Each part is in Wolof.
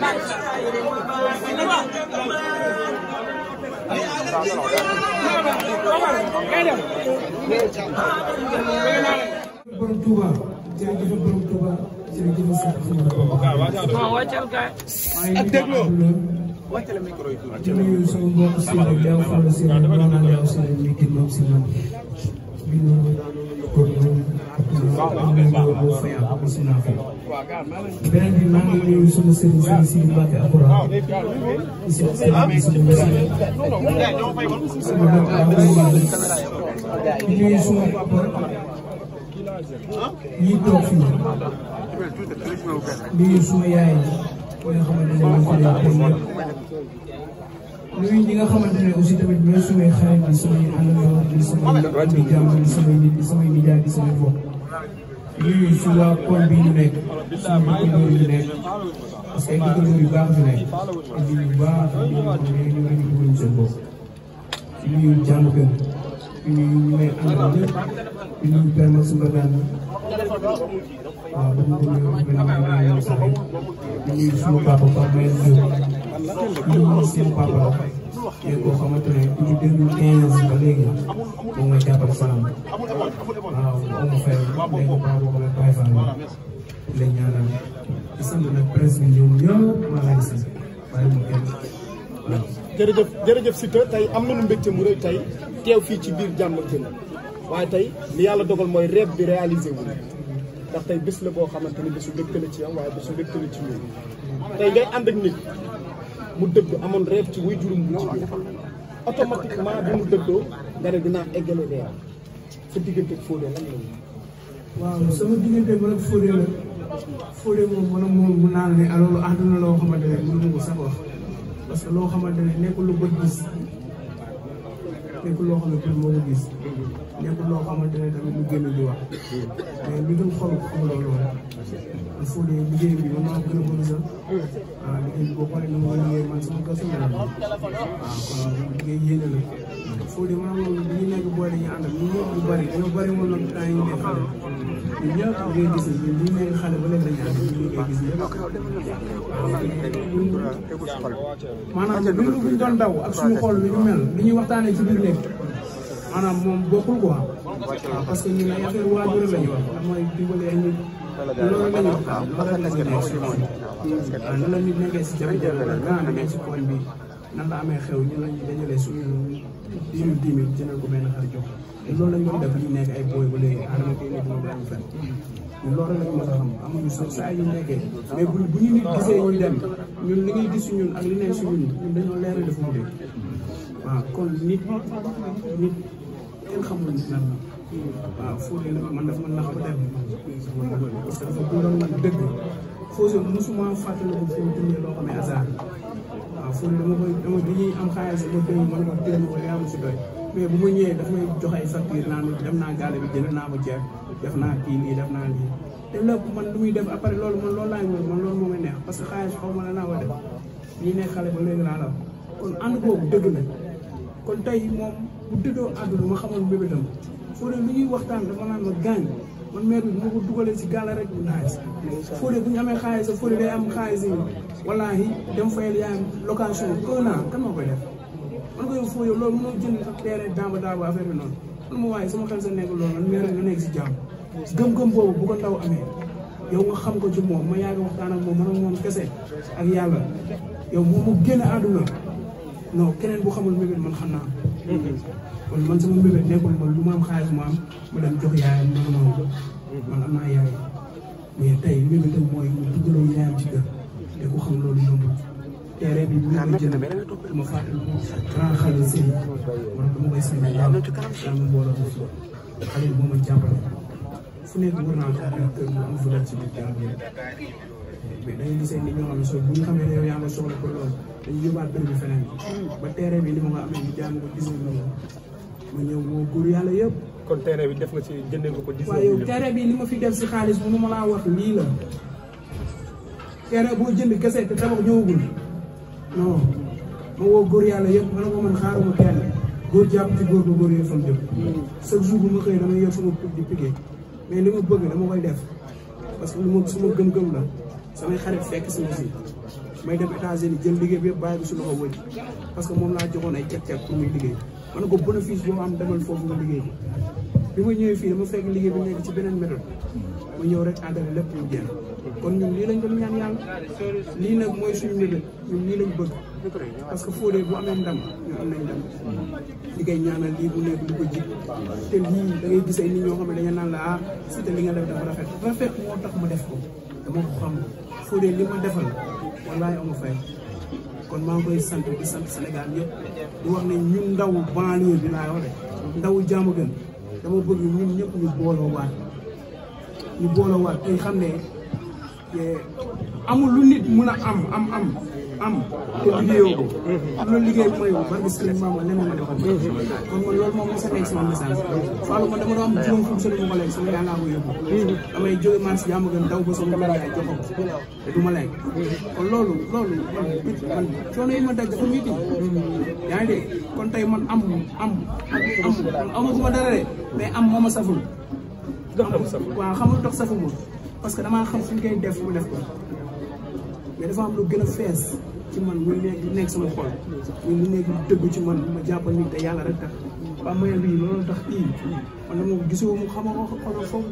borom Touba jërëjëf borom Touba jërëjëf sax ci ak déglu wàccale micro yi di nuyu sama mbokk si teew fàllu si naan naa ne aw saa yu nekk moom si naan bi boo fayal amul si naa fi beneen bi maa ngi nuyu sunu sëriñ sëriñ si Mbacke Alxuraan di si sëriñ sunu musée sama dëkk yi nga xamante ne la ñu koy nuyu ñi nga xamante ne aussi tamit ñooy sumay xarit bi samay bi samay jàmm bi samay nit bi ñun si waa koñ bi ñu nekk suñu dëkkandoo ñu nekk parce que ay dëkkandoo yu baax ñu ñu ñu ngi dugal seen bopp. fi ñuy jàng kër ñuy may àndal ñëpp fi ñuy permettre suñu daan waaw ba mu demee ba ñu may ñu saxee fi ñuy suñu papa papa yi ñu mais boo xamante ne depuis deux mille quinze ba léegi moom mooy jàppale Salam waaw Oumou Faye léegi Paa boo si bàyyi tey am na lu mbégte mu rëy tey teew fii ci biir jàmm ak waaye tey li yàlla dogal mooy rêve bi réalisé wu ndax tey bés la boo xamante ni bésu mbégte la ci yow waaye bésu mbégte la ci ñun tey ngay ànd nit. mu dëdd amoon rêve ci wuy jurum bu jigéen automatiquement bi mu dëddoo nga ne dinaa eggale leer sa diggante Fodé lan la waaw sama diggante man ak Fodé la Fodé moom man ak moom mun naa ne alors ah, àdduna loo xamante ne mënu ma ko sax wax parce que loo xamante ne nekkul lu bët gis nekkul loo xam ne pour moo ko gis nekkul loo xamante ne tamit lu génn di wax mais lu dul xol xam loolu il faut liggéey bi mën naa gën a bëgg sax waaw liggéey bi boo paree ni ma liggéey man sama kër sama waaw kon liggéey yéene la Fodé maa ngi woon ñu nekk boole ñu àndal ñu ñëpp ñu bëri dañoo bëri woon nekk xale ñun ñëpp ngay gis ñun ñu nekk ba léegi dañuy ànd ñu ngay gis ñëpp. maanaam bu ñu bu ñu doon ñu mel lu ñuy ci biir nekk maanaam moom bokkul quoi parce que ñun ay affaire waajur la ñu wax mooy dimbali ay nit loolu la ñu wax loolu la ñu nekk si mooy waaw nan la nit nekkee si jafe-jafe la gànnaar si koñ bi nan la amee xew ñu lañu dajalee suñu dix mille dix ko benn xar jox te loolu lañ doon def li nekk ay booy ba léegi adama koy nekk moom lañu fen loolu a bu bu ñu dem ñun li ngay gis si ñun ak li nekk si dañoo leeral dafa mu dee waaw kon nit nit kenn xamul nit lan la waaw Fodé nag man dafa mën nax ba dem parce que dafa gënoon man dëgg Fodé mosuma fàttaliku foo dundee loo xam ne hasard waaw foofu dama koy dama ma koy mën ko si doy mais bu ma may jox ay facture ma dem naa gaale bi jënd naa ma ceeb def naa kii lii def naa lii te lépp man lu muy def après loolu man loolu laay mën man loolu moo may neex parce que xaalis xaw ma la naa ko def ñi nekk xale ba léegi laa la kon ànd bu dëddoo àdduna ma xamal mbébétam foo dee ñuy waxtaan dafa ma gaañ man maire bi bu ma ko si gàlla rek bu naaj foo dee bu ñu amee xaalis foo dee day am xaalis yi wallaahi dem fayal yaayam location un an kan moo koy def man ko yow foo yow loolu mënoo jënd sax teere bi noonu man ma waaye sama xel sa nekk loolu nga nekk si jàmm gëm-gëm boobu bu ko ndaw amee yow nga xam ko ci moom ma yàgg waxtaan ak moom man ak yàlla yow bu mu génn àdduna non keneen bu xamul mbébét man xam naa kon sama mbébét nekkul ma lu ma am xaalis ma am ma dem jox yaayam man ma man am naa yaay mais tey mbébétam mooy mu dugaloo yaayam ci kër te ku xam loolu yombul terrain bi bu ñu koy jënd ma fàttali ko grand xale sëy man bu ma koy sànnee yàlla yàlla mu boole ko fii xale bi moo ma jàppale fu nekk war naa ko ak kër mu am valeur ci biir jàmm mais dañuy gisee nit ñoo xam ne soo bu ñu xamee ne yow yaa nga soxla ko lool dañuy yóbbaat kër bi feneen ba terrain bi li ma nga amee ñu jàng ko gisee loolu ma ñëw moo góor yàlla yëpp kon terrain bi def nga ci jëndee nga ko. waaw yow terrain bi li ma fi def si xaalis bu ma laa wax lii la. terrain boo jënd kese te tabax ñëwagul non ma woo góor yàlla yëpp ma a ko man xaaruma kenn góor jàpp ci góor ba góor yëpp fan jëm chaque jour bu ma xëy damay yor sama pub di piqué mais li ma bëgg dama koy def parce que lu ma suma gëm-gëm la samay xarit fekk sama si may dem États-Unis jël liggéey bi yëpp bàyyi ko si loxo wëj parce que moom laa joxoon ay cag-cag pour muy liggéey ma ne ko bénéfice boo am demal foofu nga liggéey bi ma ñëwee fii dama fekk liggéey bi nekk ci beneen méthode ma ñëw rek àndale lépp ñu jeex kon ñun lii lañ doon ñaan yàlla lii nag mooy suñu parce que Fodé bu amee ndam ñu am nañ ndam li koy ñaanal lii bu nekk lu ko da ngay gis ay nit ñoo ah, li nga def dafa rafet rafet moo def ko dama ko xam Fodé li ma defal wallaay kon maa ngi sant di sant Sénégal yëpp ndaw banlieue bi laa wax de ndaw jàmm gën dama bëgg ñun ñëpp ñu booloo waat ñu booloo waat tey xam ne amul lu nit mun a am am am am te liggéeyoo ko. loolu liggéey bi mooy barke sëriñ maama leneen ma defal kon man loolu moom mos a nekk sama message. Fallou man dama doon am juróom fu mu sori ma ko lekk sama yàllaa ko yóbbu. damay jóge marché jàmm gën daw ba sama mën yaay joxo ko te du ma lekk. kon loolu loolu man man coono yi ma daj dafa métti. yaa ngi dégg kon tey man am am am amatu ma dara de mais am moo ma saful. dox am saful waaw xam nga dox saful moom. parce que damaa xam suñ ngay def mu def ko mais dafa am lu gën a fees ci man muy nekk lu nekk sama xol muy lu nekk lu ci man ma jàppal ni yàlla rek tax ba maye bi tax kii man dama ko gisoo mu xamoo ko xoolal xamoo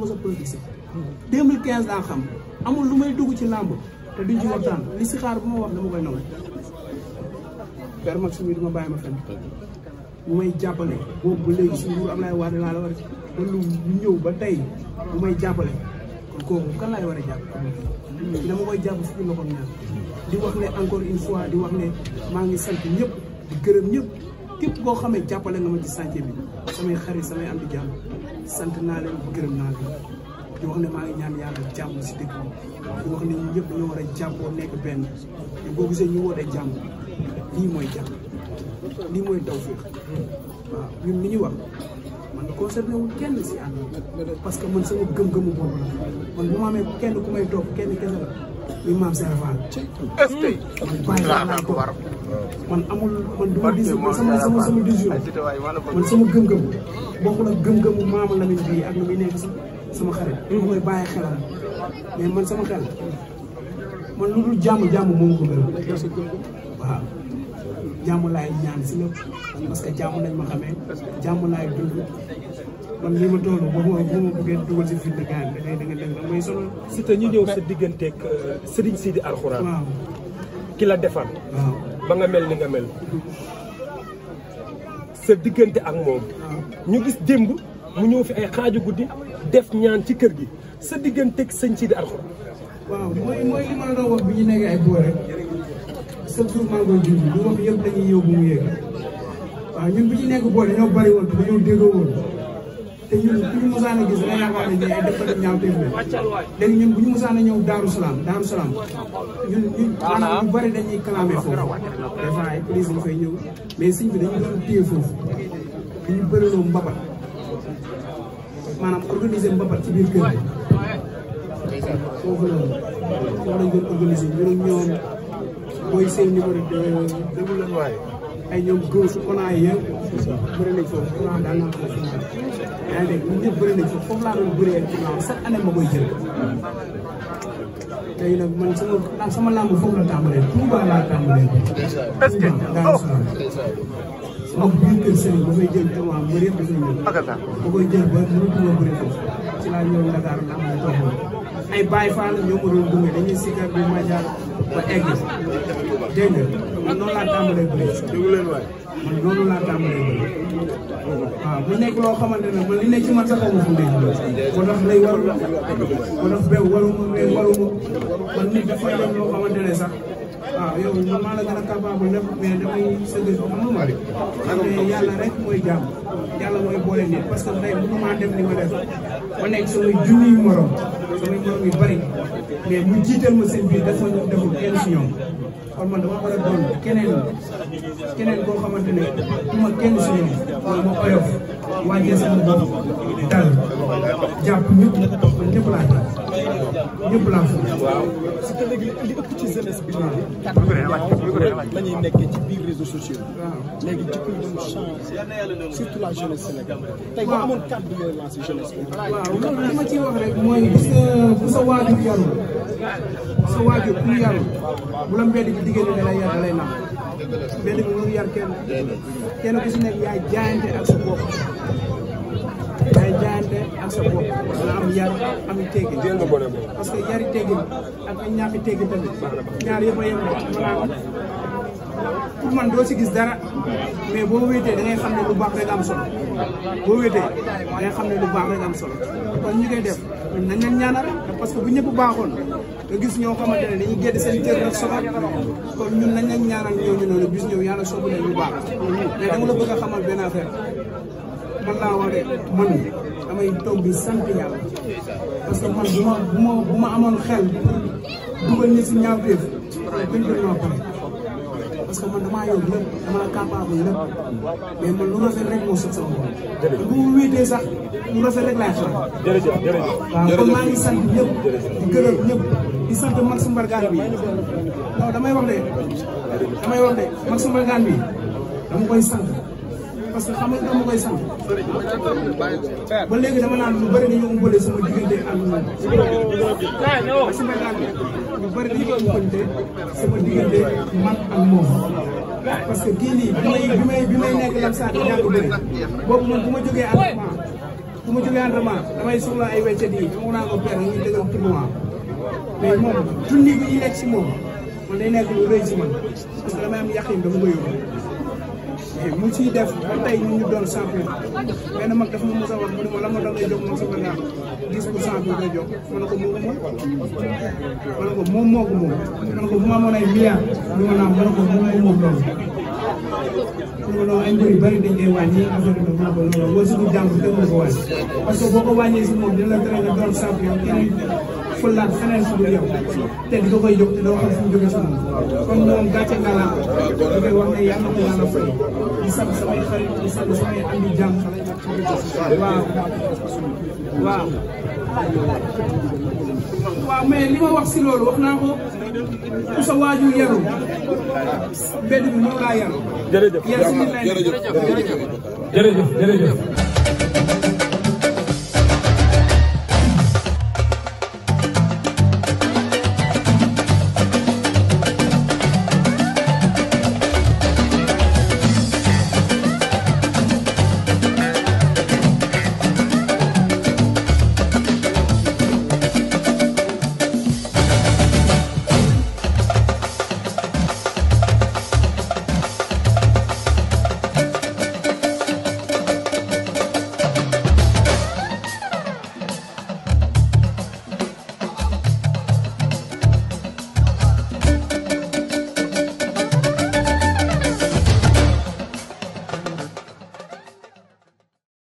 ma xam amul lu may dugg ci làmb te duñ ci waxtaan li si xaar bu ma wax dama koy nangu. permax bi ma fenn bu may jàppale boobu léegi suñu nguur am laay waat la war a ba lu ñëw ba tey bu may jàppale. kooku kan laay war a jàpp. dama koy jàpp fukki loxo naan di wax ne encore une fois di wax ne maa ngi sant ñëpp di gërëm ñëpp képp koo xamee jàppale nga ma ci chantier bi samay xarit samay am di sant naa leen gërëm naa leen. wax ne maa ngi ñaan yàlla jàmm si dëkk bi di wax ne ñun ñëpp dañoo war a jàppoo nekk benn te boo gisee ñu woote jàmm lii mooy jàmm lii mooy tawfeex waaw ñun li ñu wax concerné wul kenn si ànd parce que man sama gëm-gëmu bopp la man bu ma amee kenn ku may toog kenn kese la muy maam Serapha. est-ce que. man hmm. bàyyi laa laa toog man amul man du ma man sama sama sama vision man sama gëm-gëm bokkul la gëm-gëmu bii ak na muy nekk sama xarit. bu koy bàyyi xelam mais man sama xel man lu dul jàmm jàmm moom ko gën waaw. jàmm laay ñaan si lépp parce que jàmm lañ ma xamee jàmm laay dund man li ma toll ma boo ma bëggee dugal si fitna gaan da ngay da nga dégg da may sonal. si te ñu ñëw sa digganteeg euh, Serigne Sidi Alxuraan. waaw ki la defar. waaw ba nga mel ni nga mel. sa diggante ak moom. ñu gis démb mu ñëw fi ay xaaju guddi def ñaan ci kër gi sa digganteeg sëñ Sidi Alxuraan. waaw mooy ñu nekkee ay chaque jour maa ngi koy junj lu wax yëpp dañuy yóbbu waaw ñun bu ci nekk booy dañoo bari woon dañoo déggoo woon te ñun bu ñu mosaan a gis nga yaakaar ne ay def nañu ñaaw téeméer léegi ñun bu ñu a ñëw Daaru maanaam ñu bari dañuy clamé foofu des fay ñëw mais siñ bi dañu doon téye foofu dañu bëriloo maanaam organiser mbabat ci biir kër gi foofu la woon foofu lañ doon organiser ñu ñoom booy seen numéro deux. déglu leen waaye. ay ñoom góor su Kona yëpp. bëri nañ foofu Kona daan naa ko foofu. yaa ngi dégg ñun ñëpp bëri nañ foofu foofu laa doon bëree Kona chaque année ma koy jël. léegi nag man sama sama lamb foofu la tàmbalee Touba laa tàmbalee. est-ce que oh. sama biir kër Serigne ba fay jël tawaam bëri yëpp dafay ñëw. ba koy jël ba mënatuma bëri foofu ci laa ñëw Dakar laa am ay Baye Fall ñoo ma doon gunge dañuy sikar bi majaal ba egg dégg nga man noonu laa tàmbalee bëri man noonu laa ne man li nekk ci man sax xaw ma fu nekk ko tax lay waru ko tax bew waruma lay waruma man nit dafay dem loo xamante ne sax waaw yow man maa la gën a capable lépp mais damay sëgg xam nga yàlla rek mooy jàmm yàlla mooy boole nit parce que tey mënu maa def li ma def ma nekk sama junniy morom damay ñoom yu bëri mais mu jiital ma seen biir def ma ñoom si ñoom kon man dama war a doon keneen keneen koo xamante ne ku kenn si ñoom wala ma oyof wàññee sama bopp dal jàpp ñëpp ñëpp laa dal ñëpp laa foofu. waaw parce que léegi li ëpp ci jeunesse bi. la ñuy nekkee ci biir réseaux sociaux yi. léegi jikko yi dañu changé surtout la jeunesse sénégalaise. tey boo amoon kàddu yooyu lancé jeunesse bi. waaw loolu li ma ciy wax rek mooy bu sa bu sa waajur yarul bu sa waajur bu yarul bu la mbedd ci diggante da lay yar da lay nax mbedd bi mënul yar kenn kenn ku si nekk yaay jaayante ak sa bopp. ak sa bopp nga am yar am teggi parce que yari teggi ak ay ñaar yëpp a yem man doo ci gis dara mais boo wéetee da ngay xam ne lu baax rek am solo boo wéetee da ngay xam ne lu baax rek am solo kon ñu koy def nañ leen ñaanal parce que bu ñëpp baaxoon nga gis ñoo xamante ne dañuy gédd seen cër nag soxal ñun nañ leen ñaanal ñooñu noonu bis ñëw yàlla soobu leen lu baax mais dama la bëgg a xamal benn affaire man laa wax man damay toog di sant yàlla parce que man bu ma bu ma amoon xel pour dugal ñi si ñaawteef dañ ko ñoo pare parce que man damaa yor lépp damaa capable lépp mais man lu rafet rek moo sut sama bopp bu mu wéetee sax lu rafet rek laay xalaat waaw kon maa ngi sant ñëpp di gërëm ñëpp di sant Maxime Mbargane bi damay wax de damay wax de bi dama koy sant parce que xam nga dama koy sant. ba léegi dama naan lu bëri dañoo umpale sama diggante ak ñoom. parce que may naan lu sama diggante man ak moom. parce que kii nii bi may bi may nekk lam saa di jàng bëri boobu man bu ma jógee entraînement bu ma jógee entraînement damay soxla ay weccet yi dama naa ko père ñuy dëggal tournoi mais moom junni bi ñu nekk si moom man day nekk lu rëy man parce que damay am yàqin dama koy yóbbu. mu ciy def ba tey ñu ñu doon champion benn mag ma mos a wax mu ne la ma dangay jóg moom sama nga dix pour cent bi ngay jóg ma ne ko moo ko moom ma ne ko moom moo ko moom ma ne ko moom boo ko wàññee si moom dina la tere nga doon champion keneen fulaat feneen su dul yow te di ko laa ko da di sant samay xarit di sant samay mais li ma wax si loolu wax naa ko ku sa waajur yaru mbedd bi ñëw laa yaru jërëjëf